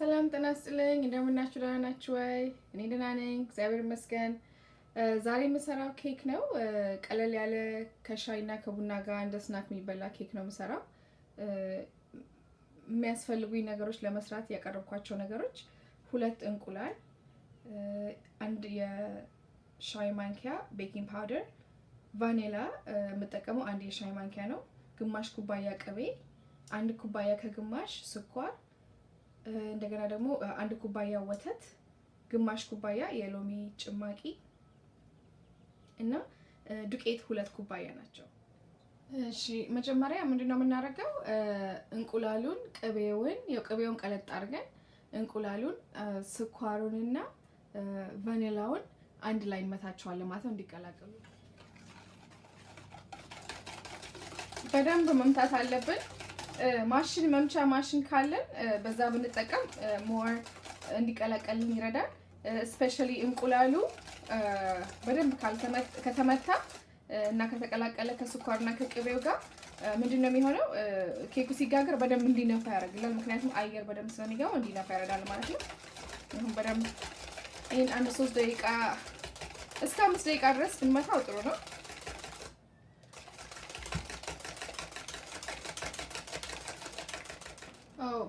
ሰላም ጤና ይስጥልኝ። እንደምናችሁ ደህና ናችሁ ወይ? እኔ ደህና ነኝ እግዚአብሔር ይመስገን። ዛሬ የምሰራው ኬክ ነው። ቀለል ያለ ከሻይ እና ከቡና ጋር እንደ ስናክ የሚበላ ኬክ ነው የምሰራው። የሚያስፈልጉኝ ነገሮች ለመስራት ያቀረብኳቸው ነገሮች ሁለት እንቁላል፣ አንድ የሻይ ማንኪያ ቤኪንግ ፓውደር፣ ቫኔላ የምጠቀመው አንድ የሻይ ማንኪያ ነው፣ ግማሽ ኩባያ ቅቤ፣ አንድ ኩባያ ከግማሽ ስኳር እንደገና ደግሞ አንድ ኩባያ ወተት፣ ግማሽ ኩባያ የሎሚ ጭማቂ እና ዱቄት ሁለት ኩባያ ናቸው። እሺ መጀመሪያ ምንድን ነው የምናደርገው? እንቁላሉን፣ ቅቤውን ያው ቅቤውን ቀለጥ አድርገን እንቁላሉን፣ ስኳሩንና ቫኒላውን አንድ ላይ እንመታቸዋለን ማለት ነው እንዲቀላቀሉ በደንብ መምታት አለብን። ማሽን መምቻ ማሽን ካለን በዛ ብንጠቀም ሞር እንዲቀላቀልን ይረዳል። ስፔሻሊ እንቁላሉ በደንብ ከተመታ እና ከተቀላቀለ ከስኳርና ከቅቤው ጋር ምንድን ነው የሚሆነው? ኬኩ ሲጋገር በደንብ እንዲነፋ ያደርግላል። ምክንያቱም አየር በደንብ ስለሚገባው እንዲነፋ ይረዳል ማለት ነው። ይሁን በደንብ ይህን አንድ ሶስት ደቂቃ እስከ አምስት ደቂቃ ድረስ ብንመታው ጥሩ ነው።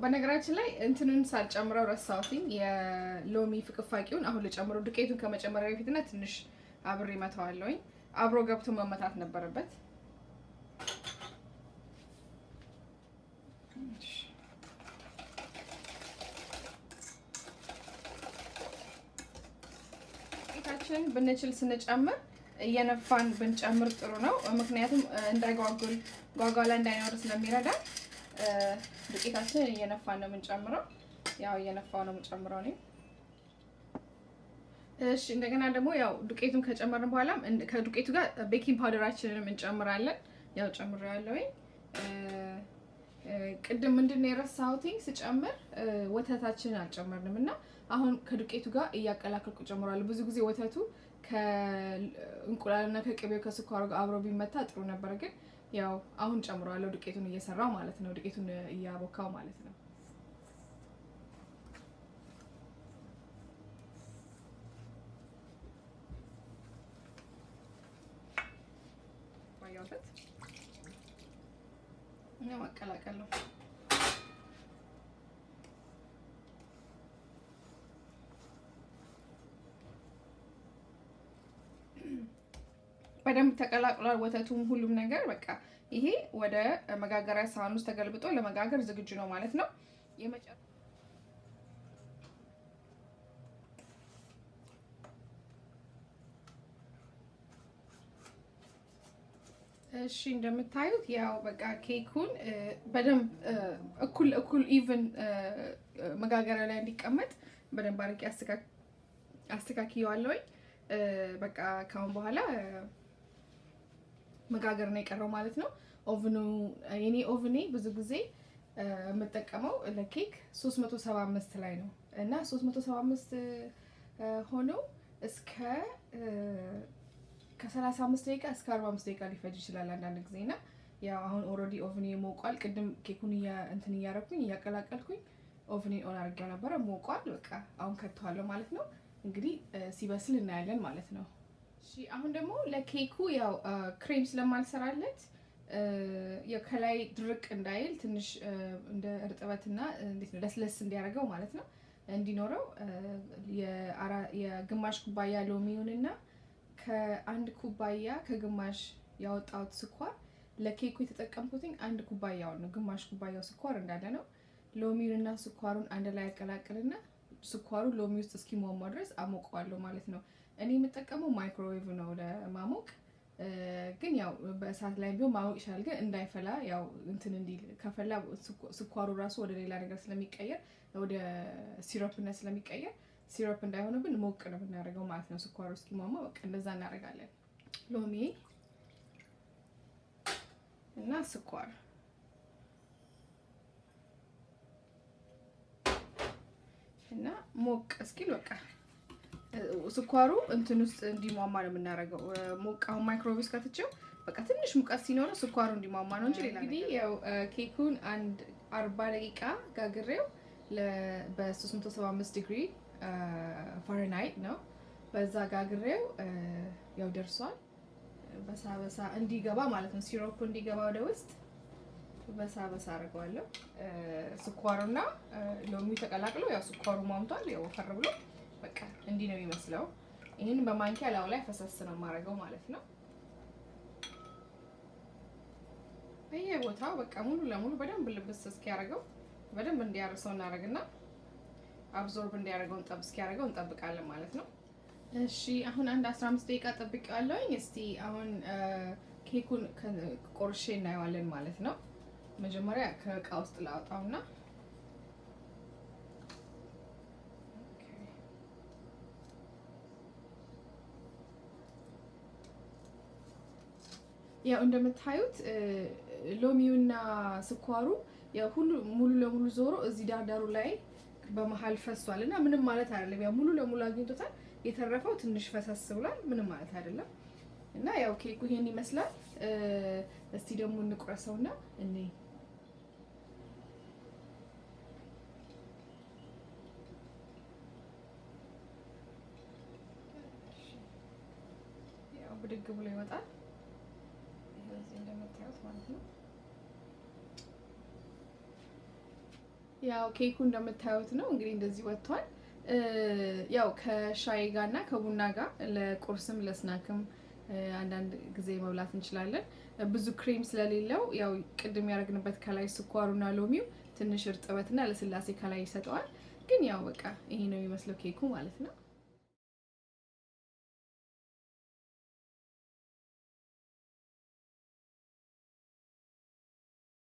በነገራችን ላይ እንትንን ሳልጨምረው ረሳሁትኝ የሎሚ ፍቅፋቂውን አሁን ልጨምረው። ዱቄቱን ከመጨመሪያ በፊትና ትንሽ አብሬ መተዋለሁኝ። አብሮ ገብቶ መመታት ነበረበት። ቤታችን ብንችል ስንጨምር እየነፋን ብንጨምር ጥሩ ነው። ምክንያቱም እንዳይጓጉል ጓጓላ እንዳይኖር ስለሚረዳ ዱቄታችንን እየነፋን ነው የምንጨምረው። ያው እየነፋው ነው የምንጨምረው እኔ እሺ እንደገና ደግሞ ያው ዱቄቱን ከጨመርን በኋላም ከዱቄቱ ጋር ቤኪንግ ፓውደራችንንም እንጨምራለን። ያው ጨምሬዋለሁ። ቅድም ምንድን ነው የረሳሁት ስጨምር ወተታችንን አልጨመርንም እና አሁን ከዱቄቱ ጋር እያቀላቀልኩ ጨምሯል። ብዙ ጊዜ ወተቱ ከእንቁላልና ከቅቤው ከስኳሩ ጋር አብሮ ቢመታ ጥሩ ነበር ግን ያው አሁን ጨምሯለሁ ዱቄቱን እየሰራው ማለት ነው። ዱቄቱን እያቦካው ማለት ነው። ማቀላቀል ነው። በደንብ ተቀላቅሏል። ወተቱም ሁሉም ነገር በቃ ይሄ ወደ መጋገሪያ ሳህን ውስጥ ተገልብጦ ለመጋገር ዝግጁ ነው ማለት ነው። እሺ እንደምታዩት ያው በቃ ኬኩን በደንብ እኩል እኩል ኢቭን መጋገሪያ ላይ እንዲቀመጥ በደንብ አድርጌ አስተካክየዋለሁኝ። በቃ ካሁን በኋላ መጋገር ነው የቀረው ማለት ነው። ኦቭኑ የኔ ኦቭኔ ብዙ ጊዜ የምጠቀመው ለኬክ 375 ላይ ነው እና 375 ሆኖ እስከ ከ35 ደቂቃ እስከ 45 ደቂቃ ሊፈጅ ይችላል አንዳንድ ጊዜ እና ያው አሁን ኦልሬዲ ኦቭኔ ሞቋል። ቅድም ኬኩን እንትን እያረኩኝ እያቀላቀልኩኝ ኦቭኔ ኦን አድርጌው ነበረ ሞቋል። በቃ አሁን ከተዋለሁ ማለት ነው። እንግዲህ ሲበስል እናያለን ማለት ነው። አሁን ደግሞ ለኬኩ ያው ክሬም ስለማልሰራለት ከላይ ድርቅ እንዳይል ትንሽ እንደ እርጥበትና እንዴት ነው ለስለስ እንዲያደርገው ማለት ነው እንዲኖረው የግማሽ ኩባያ ሎሚውንና ከአንድ ኩባያ ከግማሽ ያወጣሁት ስኳር ለኬኩ የተጠቀምኩትኝ አንድ ኩባያውን ነው። ግማሽ ኩባያው ስኳር እንዳለ ነው። ሎሚውንና ስኳሩን አንድ ላይ ያቀላቅልና ስኳሩ ሎሚ ውስጥ እስኪሟሟ ድረስ አሞቀዋለሁ ማለት ነው። እኔ የምጠቀመው ማይክሮዌቭ ነው ለማሞቅ። ግን ያው በእሳት ላይ ቢሆን ማሞቅ ይችላል። ግን እንዳይፈላ ያው እንትን እንዲል ከፈላ ስኳሩ ራሱ ወደ ሌላ ነገር ስለሚቀየር ወደ ሲሮፕነት ስለሚቀየር ሲሮፕ እንዳይሆንብን ሞቅ ነው የምናደርገው ማለት ነው። ስኳሩ እስኪሟሟ በቃ እንደዛ እናደርጋለን። ሎሚ እና ስኳር እና ሞቅ እስኪል በቃ ስኳሩ እንትን ውስጥ እንዲሟማ ነው የምናደርገው። ሞቅ አሁን ማይክሮዌቭ ውስጥ ከትቼው በቃ ትንሽ ሙቀት ሲኖረው ስኳሩ እንዲሟማ ነው እንጂ ሌላ እንግዲህ ያው ኬኩን አንድ አርባ ደቂቃ ጋግሬው በ375 ዲግሪ ፋረንሃይት ነው በዛ ጋግሬው ያው ደርሷል። በሳ በሳ እንዲገባ ማለት ነው ሲሮፕ እንዲገባ ወደ ውስጥ በሳ በሳ አድርገዋለሁ። እና ሎሚ ተቀላቅሎ ያው ስኳሩ ማምቷል፣ ያው ወፈር ብሎ በቃ እንዲህ ነው የሚመስለው። ይህን በማንኪያ ላው ላይ ፈሰስ ነው የማደርገው ማለት ነው። በየቦታው በቃ ሙሉ ለሙሉ በደንብ ልብስ እስኪያደርገው በደንብ እንዲያርሰው እናደርግና አብዞርብ እንዲያደርገው እንጠብ እስኪያደርገው እንጠብቃለን ማለት ነው። እሺ አሁን አንድ 15 ደቂቃ ጠብቄዋለሁኝ። እስቲ አሁን ኬኩን ቆርሼ እናየዋለን ማለት ነው። መጀመሪያ ከእቃ ውስጥ ላውጣውና ያው እንደምታዩት ሎሚውና ስኳሩ ሁሉ ሙሉ ለሙሉ ዞሮ እዚህ ዳርዳሩ ላይ በመሀል ፈሷል እና ምንም ማለት አይደለም። ያው ሙሉ ለሙሉ አግኝቶታል። የተረፈው ትንሽ ፈሰስ ብሏል። ምንም ማለት አይደለም። እና ያው ኬኩ ይሄን ይመስላል። እስቲ ደግሞ እንቁረሰውና እኔ ብድግ ብሎ ይወጣል። ይሄ እዚህ እንደምታዩት ማለት ነው። ያው ኬኩ እንደምታዩት ነው እንግዲህ እንደዚህ ወጥቷል። ያው ከሻይ ጋር እና ከቡና ጋር ለቁርስም ለስናክም አንዳንድ ጊዜ መብላት እንችላለን። ብዙ ክሬም ስለሌለው ያው ቅድም ያደረግንበት ከላይ ስኳሩና ሎሚው ትንሽ እርጥበትና ለስላሴ ከላይ ይሰጠዋል። ግን ያው በቃ ይሄ ነው የሚመስለው ኬኩ ማለት ነው።